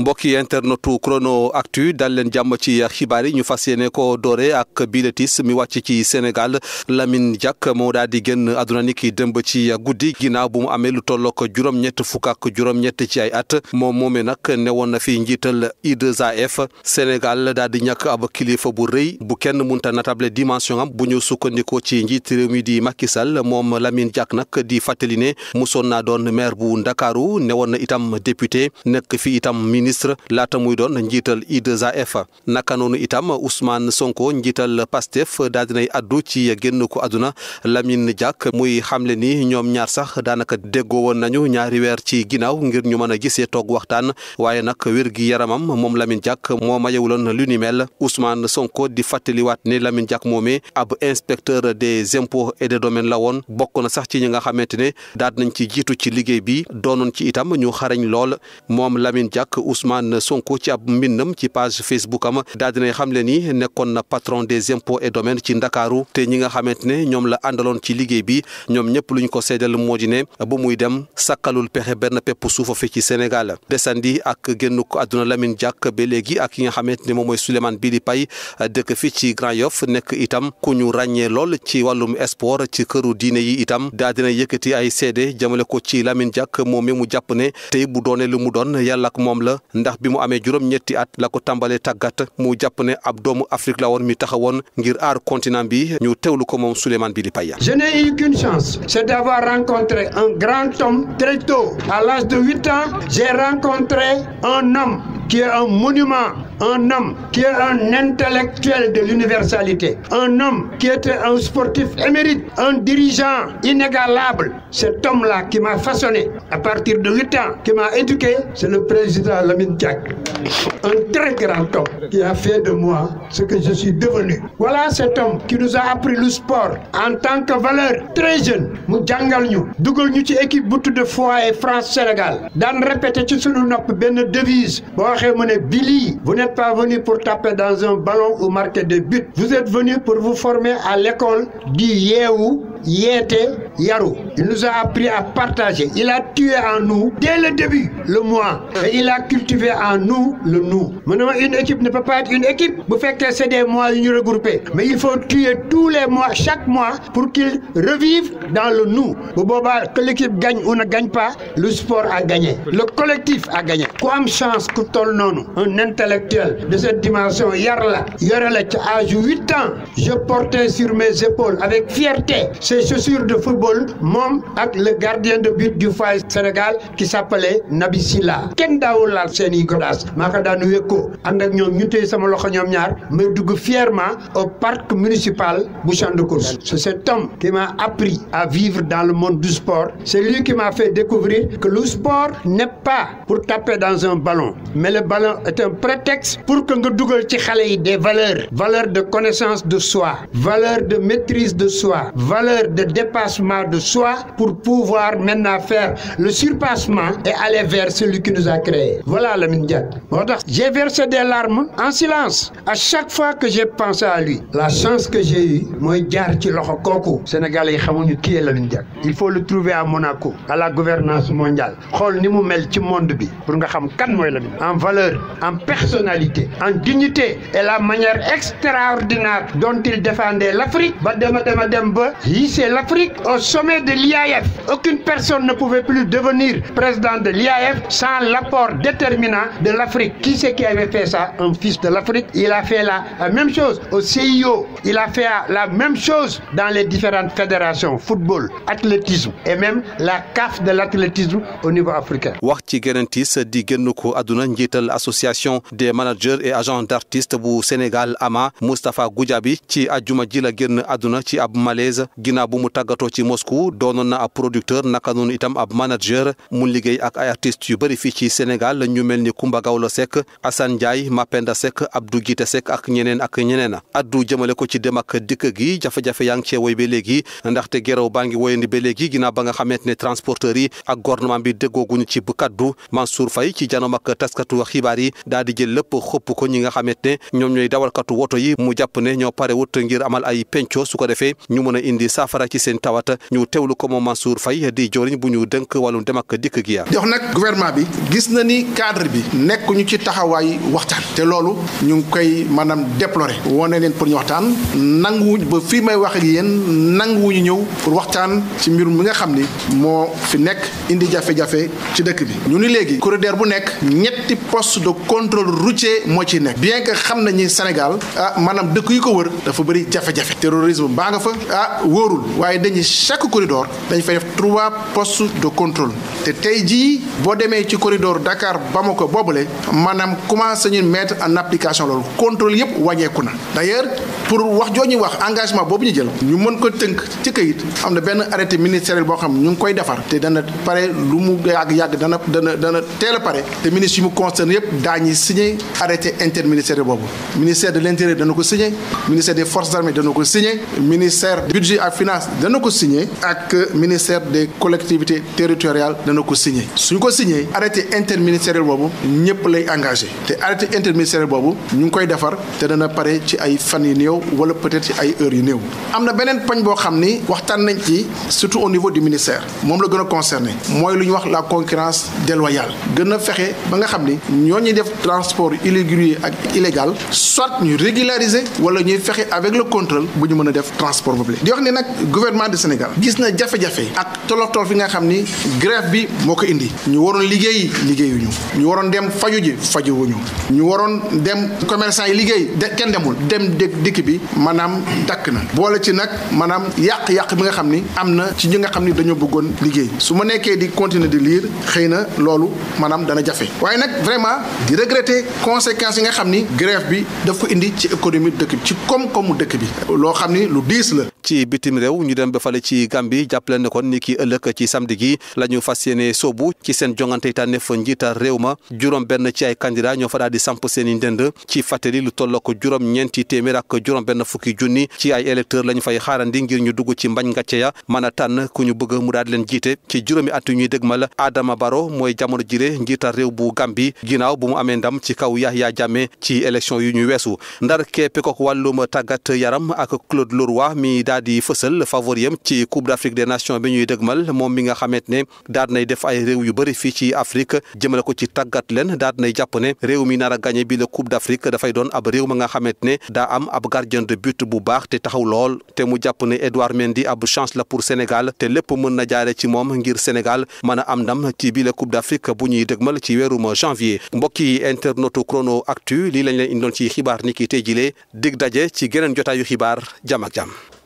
mbokki internetu chrono actu dal leen jàmm ci xibaar yi ñu fas yéene ko doore ak biletis mi wàcc ci Sénégal lamin Diack moo daal di génn àdduna ni ki dëmb ci guddi ginnaaw bu mu amee lu tollook juróom-ñett fukk ak juróom-ñett ci ay at moom moomee nag newoon na fi njiital i 2 senegal Sénégal daal di ñàkk ab kilifa bu rëy bu kenn munta natable dimension am bu ñu sukkandiku ci njiit mi di Macky moom lamin Diack nag di fàttali ne musoon naa doon maire bu Ndakaaru newoon itam député ministre laata muy doon njiital I2AF naka noonu itam Ousmane Sonko njiital Pastef daal dinay addu ci génn ko àdduna Lamine Diack muy xamle ni ñoom ñaar sax daanaka déggoo woon nañu ñaari weer ci ginnaaw ngir ñu mën a gisee toog waxtaan waaye nag wér gi yaramam moom Lamine Diack moo mayewuloon lu ni mel Ousmane Sonko di fàttaliwaat ni Lamine Diack moomee ab inspecteur des impôts et des domaines la woon bokk na sax ci ñi nga xamante ne daal ci jiitu ci liggéey bi Ousmane Sonko ci ab mbindam ci page Facebook am daal dinay xam le ni nekkoon na patron des impôts et domaines ci Ndakaaru te ñi nga xamante ne ñoom la àndaloon ci liggéey bi ñoom ñëpp luñ ko seedal moo di ba muy dem sakkalul pexe benn pepp suufa fi ci Sénégal desandi ak génn ko àdduna Lamine Diack ba léegi ak ki nga xamante ne moom mooy Souleymane Bili pay dëkk fii ci Grand Yoff nekk itam ku ñu ràññee lool ci wàllum sport ci këru diine yi itam daa dina yëkkati ay seede jëmale ko ci Lamine Diack moom mi mu jàpp ne tey bu doone lu mu doon yàlla ak moom la ndax bi mu amee juróom-ñetti at la ko tàmbalee tàggat mu jàpp ne ab doomu Afrique la woon mi woon ngir aar continent bi ñu teewlu ko moom Souleymane Bili Paya. Je n'ai eu qu'une chance, c'est d'avoir rencontré un grand homme très tôt. À l'âge de huit ans, j'ai rencontré un homme qui un monument un homme qui est un intellectuel de l'universalité, un homme qui était un sportif émérite, un dirigeant inégalable. Cet homme-là qui m'a façonné à partir de 8 ans, qui m'a éduqué, c'est le président Lamine Diack. Un très grand homme qui a fait de moi ce que je suis devenu. Voilà cet homme qui nous a appris le sport en tant que valeur très jeune. mu jàngal ñu dugal ñu ci équipe bu tudd foyer France Sénégal daan répété ci sunu nopp benn devise n'êtes pas venu pour taper dans un ballon ou marquer des buts. Vous êtes venu pour vous former à l'école du Yehu yeete yaru il nous a appris à partager il la tué en nu de le début le mois et il la cultivé en nu le nu mu ne ma une équipe ne peut pas être une équipe bu fekkee c'est des mois yu ñu regroupé mais il faut tuer tous les mois chaque mois pour qu'ils revivent dans le nu bu boobaa que l'équipe gagne ou ne gagne pas le sport a gagné le collectif a gagné ku am chance ku toll noonu un intellectuel de cette dimension yar la yore la ci âge huit ans je portais sur mes épaules avec fierté ses chaussures de football moom ak le gardien de but du FAS Sénégal qui s'appelait Nabi Silla kenn daawul laal seen i ma maa ko daan wékkoo ànd ak ñoom ñu téye sama loxo ñoom ñaar may dugg fièrement au parc municipal bu champ de course c'est cet homme qui m'a appris à vivre dans le monde du sport c'est lui qui m'a fait découvrir que le sport n'est pas pour taper dans un ballon mais le ballon est un prétexte pour que nga dugal ci xale yi des valeurs de connaissance de soi valeur de maîtrise de soi valeur de dépassement de soi pour pouvoir maintenant faire le surpassement et aller vers celui qui nous a créés. Voilà Lamine Diack moo tax j'ai versé des larmes en silence à chaque fois que j'ai pensé à lui la chance que j'ai eue mooy jaar ci loxo kooku Sénégalais yi xamuñu kii est Lamine Diack il faut le trouver à Monaco à la gouvernance mondiale xool ni mu mel ci monde bi pour nga xam kan mooy Lamine en valeur en personnalité en dignité et la manière extraordinaire dont il défendait l'Afrique ba dema réunissait l'Afrique au sommet de l'IAF. Aucune personne ne pouvait plus devenir président de l'IAF sans l'apport de l'Afrique. Qui c'est Un fils de l'Afrique. Il a fait la même chose au CIO. Il a fait la même chose dans les différentes fédérations football, athlétisme et même la CAF de l'athlétisme au niveau africain. wax ci Gérantis di génn ko àdduna njiital association des managers et agents d'artistes bu Sénégal AMA Moustapha Goudiaby ci àjjuma ji la génn ci ab malaise ginnaaw ginnaaw bu mu tàggatoo ci Moscou doonoon na ab producteur naka noonu itam ab manager mu liggéey ak ay yu bëri fii ci Sénégal la ñu mel ni Kumba Gawlo Seck Assane Ndiaye Mapenda Seck Abdou Guité Seck ak ñeneen addu jëmale ko ci dem ak dikk gi jafe-jafe yaa ngi cee woy ba léegi ndaxte gerew baa ngi woyandi ba léegi ginnaaw ba nga xamante ne transporteurs yi ak gouvernement bi déggooguñu ci bu kaddu Mansour Faye ci janoom ak taskatu xibaar yi daal di jël lépp xëpp ko ñi nga xamante ne ñoom ñooy yi mu jàpp a saafara ci seen tawata ñu teewlu ko moom Mansour Faye di joriñ bu ñu dënk wàllum dem ak dikk gi yaa jox nag gouvernement bi gis na ni cadre bi nekk ñu ci taxawaay waxtaan te loolu ñu ngi koy maanaam déplorer wone leen pour ñu waxtaan nanguwuñ ba fii may wax ak nangu nanguwuñu ñëw pour waxtaan ci mbir mi nga xam ni moo fi nekk indi jafe-jafe ci dëkk bi ñu ni léegi corridor bu nekk ñetti poste de contrôle routier moo ci nekk bien que xam nañu Sénégal ah maanaam dëkk yi ko dafa bëri jafe-jafe wóorul waaye dañuy chaque corridor dañ fay def trois postes de contrôle te tey jii boo demee ci corridor Dakar Bamako boobule maanaam commencé ñu mettre en application loolu contrôle yëpp wàññeeku na d'ailleurs pour wax joo ñuy wax engagement boobu ñu jël ñu mën ko tënk ci kayit am na benn arrêté ministériel boo xam ñu ngi koy defar te dana pare lu mu yàgg yàgg dana dana dana teel a pare te ministre yi mu concerné yëpp daañu signé arrêté interministériel boobu ministère de l'intérieur dana ko signé ministère des forces armées dana ko signé ministère finance dana ko signé ak ministère des collectivité territoriale dana ko signé suñ ko signé arrêté interministère boobu ñëpp lay engagé te arrêté interministériel boobu ñu ngi koy defar te dana pare ci ay fan yu néew wala peut-être ci ay heures yu néew. am na beneen pañ boo xam ni waxtaan nañ ci surtout au niveau du ministère moom la gën a concerné mooy lu ñu wax la concurrence déloyale gën a fexe ba nga xam ni ñoo ñuy def transport irrégulier ak illégal soit ñu régulariser wala ñuy fexe avec le contrôle bu ñu mën a def transport boobu gouvernement de Sénégal gis na jafe-jafe ak tolof tolof yi nga xam ni grève bi moo ko indi ñu waroon liggéey liggéeyuñu ñu waroon dem faju ji fajuwuñu ñu waroon dem commerçant yi liggéey de kenn demul dem dëkk dikk bi maanaam dakk na boole ci nag maanaam yàq-yàq bi nga xam ni am na ci ñi nga xam ni dañoo bëggoon liggéey su ma nekkee di continuer di liir xëy na loolu maanaam dana jafe waaye nag vraiment di regretter conséquences yi nga xam ni grève bi dafa ko indi ci économie dëkk ci koom dëkk bi loo xam ni lu diis la ci bitim réew ñu dem ba fale ci Gambie jàppale ne kon ni ki ëllëg ci samedi gi la ñu fas yéene soobu ci seen jongante tànneef njiital réew ma juróom benn ci ay candidat ñoo fa daal di samp seen i ndënd ci fàttali lu toll ko juróom ñeenti téeméer ak juróom benn fukki junni ci ay électeurs lañu fay xaarandi ngir ñu dugg ci mbañ ngàcce ya mën a tànn ku ñu bëgg mu daal di leen jiite ci juróomi at yu ñuy dégmal Adama Barrow mooy jamono jire njiital réew bu Gambie ginnaaw bu mu amee ndam ci kaw Yahya Jammeh ci élection yu ñu weesu ndar keppe ko wàllum fësal favoriyam ci Coupe d'Afrique des Nations bi ñuy dëgmal moom mi nga xamante ne daat nay def ay réew yu bëri fii ci Afrique jëmale ko ci tàggat leen daat nay jàpp ne réew mi nar a gagné bi la Coupe d'Afrique dafay doon ab réew ma nga xamante ne daa am ab gardien de but bu baax te taxaw lool te mu jàpp ne Edouard Mendy ab chance la pour Sénégal te lépp mën na jaare ci moom ngir Sénégal mën a am ndam ci bi la Coupe d'Afrique bu ñuy dëgmal ci weerum janvier mbokki internautu Chrono Actu lii lañ leen indoon ci xibaar ni tey jilee dig daje ci geneen jotaayu xibaar jàmm